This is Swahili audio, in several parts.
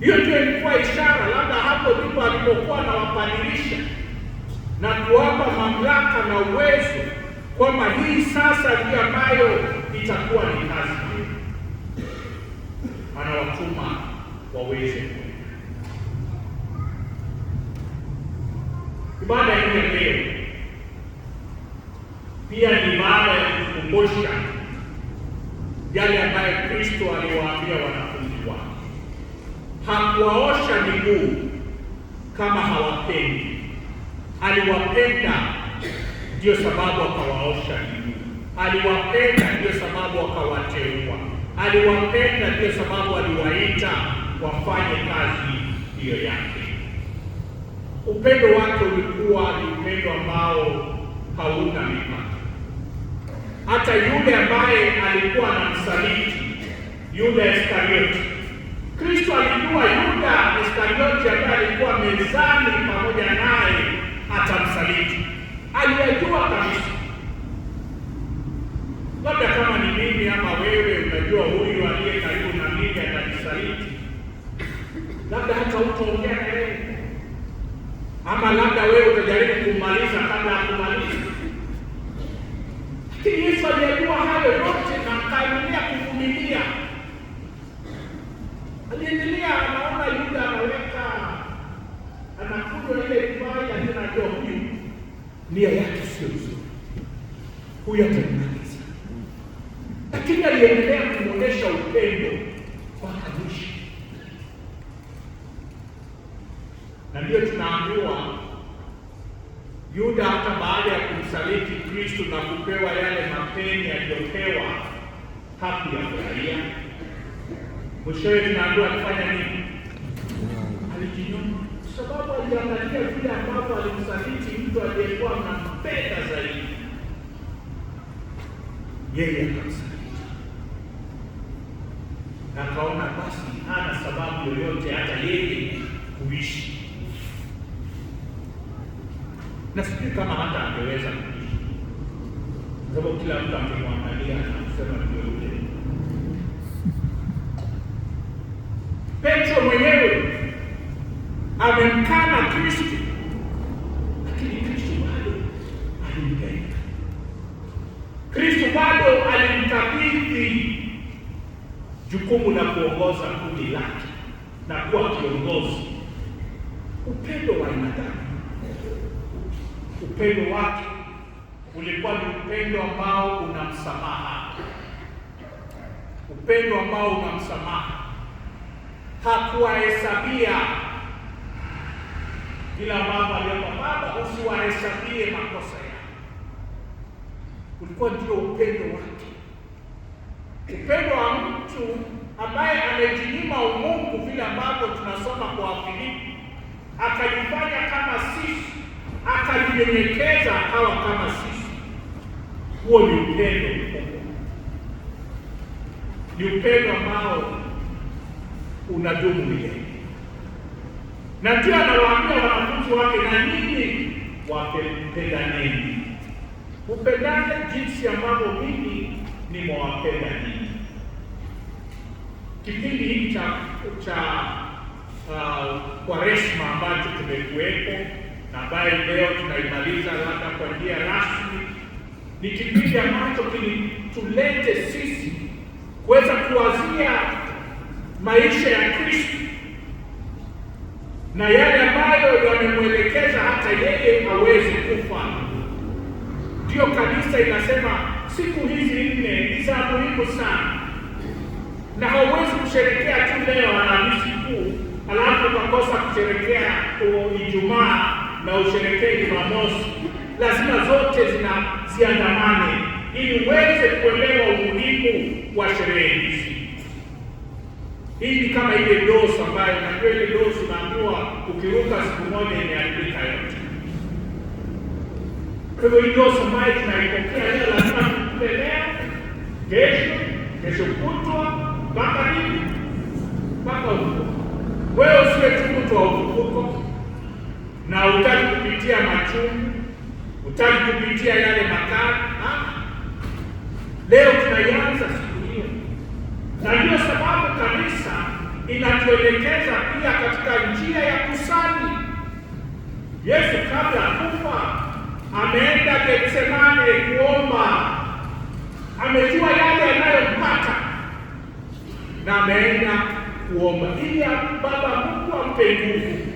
Hiyo ndio ilikuwa ishara, labda hapo ndipo alipokuwa anawapadilisha na kuwapa mamlaka na uwezo kwamba hii sasa ndio ambayo itakuwa ni kazi yenu, anawatuma waweze ibada hii ya leo pia ni baada ya kukumbusha yale ambayo Kristo aliwaambia wana hakuwaosha miguu kama hawapendi, aliwapenda ndiyo sababu akawaosha miguu, aliwapenda ndiyo sababu akawateua, aliwapenda ndiyo sababu aliwaita wafanye kazi hiyo yake. Upendo wake ulikuwa ni upendo ambao hauna mipaka. Hata yule ambaye alikuwa anamsaliti yule Iskarioti Kristo alijua Yuda Iskarioti ambaye alikuwa mezani pamoja naye atamsaliti, aliyajua kabisa. Labda kama ni mimi ama wewe, unajua huyu aliye karibu na mimi atanisaliti, labda hata utaongea naye, ama labda wewe utajaribu kumaliza huyo ataimaliza. Lakini aliendelea kuonyesha upendo mpaka mwisho, na ndiyo tunaambiwa Yuda hata baada ya kumsaliti Kristo na kupewa yale mapeni aliyopewa kuraia Mwishowe tunaambiwa alifanya nini? Alijinyonga, kwa sababu aliangalia vile ambavyo alimsaliti mtu aliyekuwa anampenda zaidi yeye atamsamehe. Na kaona basi hana sababu yoyote hata yeye kuishi. Nafikiri kama hata angeweza kuishi, kwa sababu kila mtu angemwangalia na kusema ndio Petro mwenyewe amemkana Kristo, lakini Kristo bado alimpenda Kristo bado alimkabidhi jukumu la kuongoza kundi lake na kuwa kiongozi. Upendo wa aina gani? Upendo wake ulikuwa ni upendo ambao una msamaha, upendo ambao una msamaha. Hakuwahesabia kila baba aliomba, Baba usiwahesabie makosa yao. Ulikuwa ndio upendo wake upendo wa mtu ambaye amejinyima umungu, vile ambavyo tunasoma kwa Filipi, akajifanya kama sisi, akajinyenyekeza akawa kama sisi. Huo ni upendo mkubwa, ni upendo ambao unadumu milele. Na pia anawaambia wanafunzi wake, na nyinyi wapendaneni, upendane jinsi ambavyo mimi ni mwawapenda nini? Kipindi hiki cha cha uh, Kwaresma ambacho tumekuwepo na ambayo leo tunaimaliza labda kwa njia rasmi, ni kipindi ambacho kilitulete sisi kuweza kuwazia maisha ya Kristo na yale ambayo yamemwelekeza hata yeye hawezi kufa. Ndiyo kanisa inasema siku hizi nne za muhimu sana, na hauwezi kusherekea tu leo Alhamisi Kuu alafu ukakosa kusherekea Ijumaa na usherekee Jumamosi. Lazima zote zina ziandamane ili uweze kuelewa umuhimu wa sherehe hizi. Hii ni kama ile dosi ambayo najua ile dosi unaambiwa ukiruka siku moja imeharibika yote. Kwa hivyo hii dosi ambayo tunaipokea leo lazima kule leo, kesho, kesho kutwa, mpaka nini? Mpaka huko. Wewe usiwe tu mtu wa uvuko na utaki kupitia machungu, utaki kupitia yale makali. Leo tunaianza siku hiyo, na ndiyo sababu kanisa inatuelekeza pia katika njia ya kusali. Yesu kabla kufa ameenda Getsemane kuomba amejua yale yanayompata na ameenda kuomba ili Baba Mungu ampe nguvu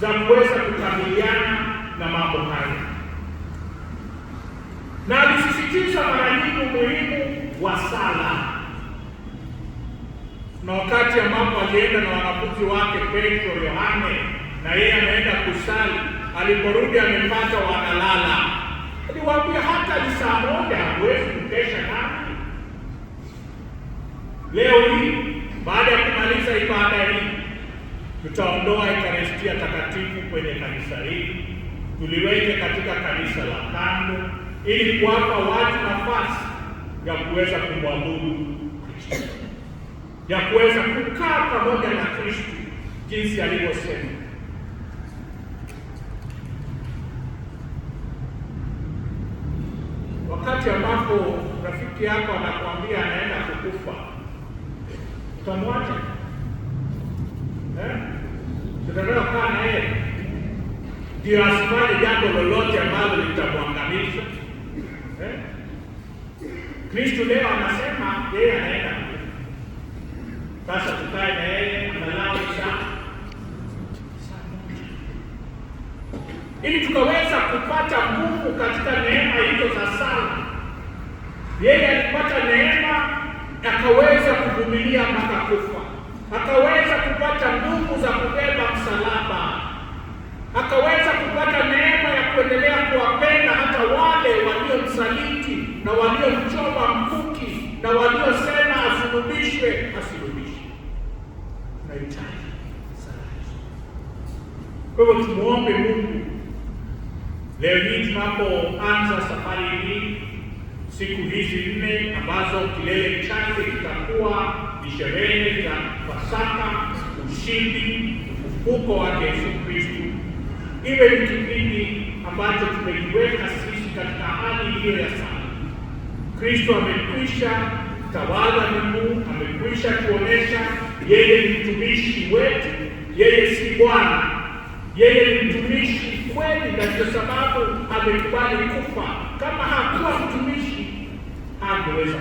za kuweza kukabiliana na mambo haya, na alisisitiza mara nyingi umuhimu wa sala na wakati ambapo alienda na wanafunzi wake Petro, Yohane na yeye ameenda kusali, aliporudi amepata wanalala. Leo hii baada ya kumaliza ibada hii, tutaondoa Ekaristia takatifu kwenye kanisa hili, tuliweke katika kanisa la kando, ili kuwapa watu nafasi ya kuweza kumwabudu ya kuweza kukaa pamoja na Kristo jinsi alivyosema. Wakati ambapo rafiki yako ana ndio asifanye jambo lolote ambalo litamwangamiza eh? leo anasema yeye anaenda sasa, tukae na yeye analao ili tukaweza kupata nguvu katika neema hizo za sala. Yeye alipata neema akaweza kuvumilia mpaka kufa, akaweza kupata nguvu za kubeba msalaba akaweza kupata neema ya kuendelea kuwapenda hata wale waliomsaliti na waliomchoma mkuki na waliosema asulubishwe, asulubishwe. Tunahitaji kwa hivyo tumuombe Mungu leo hii tunapoanza safari hii, siku hizi nne ambazo kilele chake kitakuwa ni sherehe za Pasaka, ushindi, ufufuko wake Yesu iwe ni kipindi ambacho tumejiweka sisi katika hali hiyo ya sana. Kristo amekwisha tawala Mungu, amekwisha kuonesha yeye ni mtumishi wetu, yeye si bwana, yeye ni mtumishi kweli, na ndio sababu amekubali kufa. Kama hakuwa mtumishi hangeweza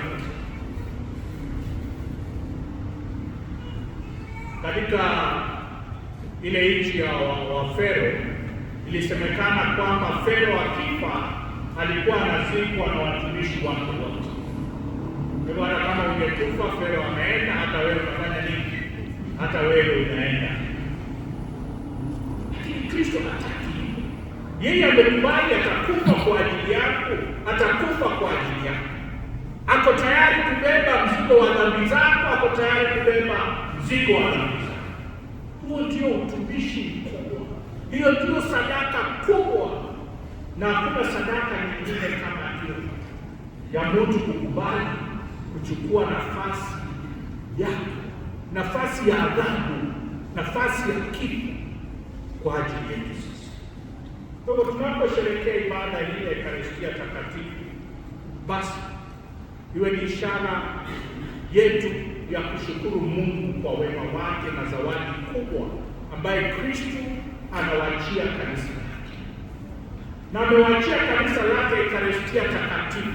Katika ile nchi ya Wafero wa ilisemekana kwamba Fero akifa alikuwa anazikwa na watumishi wake wote. Kwa hivyo hata kama ungekufa Fero ameenda, hata wewe unafanya nini? Hata wewe unaenda. Lakini Kristo hataki, yeye amekubali, atakufa kwa ajili yako, atakufa kwa ajili yako. Ako tayari kubeba mzigo wa dhambi zako, ako tayari kubeba mzigo wa dhambi zako. Huo ndio utumishi mkubwa hiyo ndio sadaka kubwa, na hakuna sadaka nyingine kama hiyo ya mtu kukubali kuchukua nafasi yako, nafasi ya adhabu, nafasi ya kifo kwa ajili yetu sisi. Kwa hivyo tunaposherekea ibada hii ya Ekaristia Takatifu, basi iwe ni ishara yetu ya kushukuru Mungu kwa wema wake na zawadi kubwa ambaye Kristu amewaachia kanisa lake, na amewaachia kanisa lake ekaristia takatifu,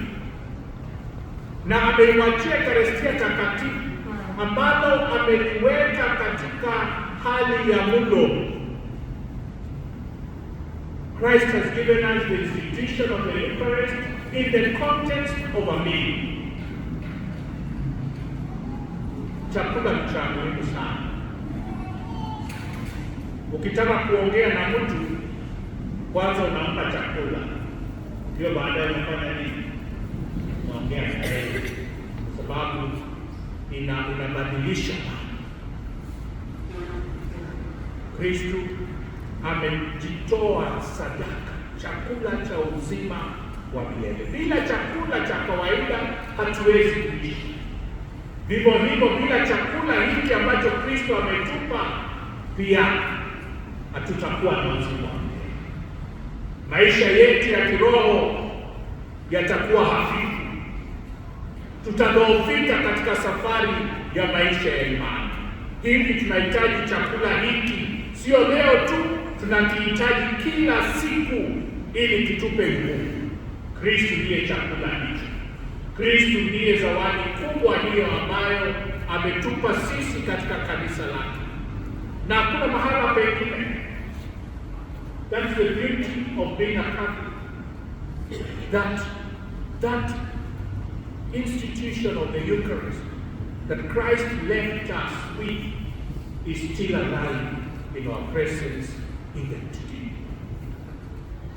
na ameiwachia ekaristia takatifu ambalo ameliweka katika hali ya mlo. Christ has given us the institution of the Eucharist in the context of a meal. Chakula ni cha muhimu sana Ukitaka kuongea na mtu kwanza unampa chakula, ndio baadaye unafanya nini? Unaongea na yeye, kwa sababu ina inabadilisha. Kristu amejitoa sadaka, chakula cha uzima wa milele. Bila chakula cha kawaida hatuwezi kuishi. Vivyo hivyo, bila chakula hiki ambacho Kristo ametupa pia hatutakuwa na uzima. Maisha yetu ya kiroho yatakuwa hafifu, tutadhoofika katika safari ya maisha ya imani. Hivi tunahitaji chakula hiki, sio leo tu, tunakihitaji kila siku ili kitupe nguvu. Kristu ndiye chakula hicho. Kristu ndiye zawadi kubwa hiyo ambayo ametupa sisi katika kanisa lake, na kuna mahala pengine That's the beauty of being a Catholic. That, that institution of the Eucharist that Christ left us with is still alive in our presence even today.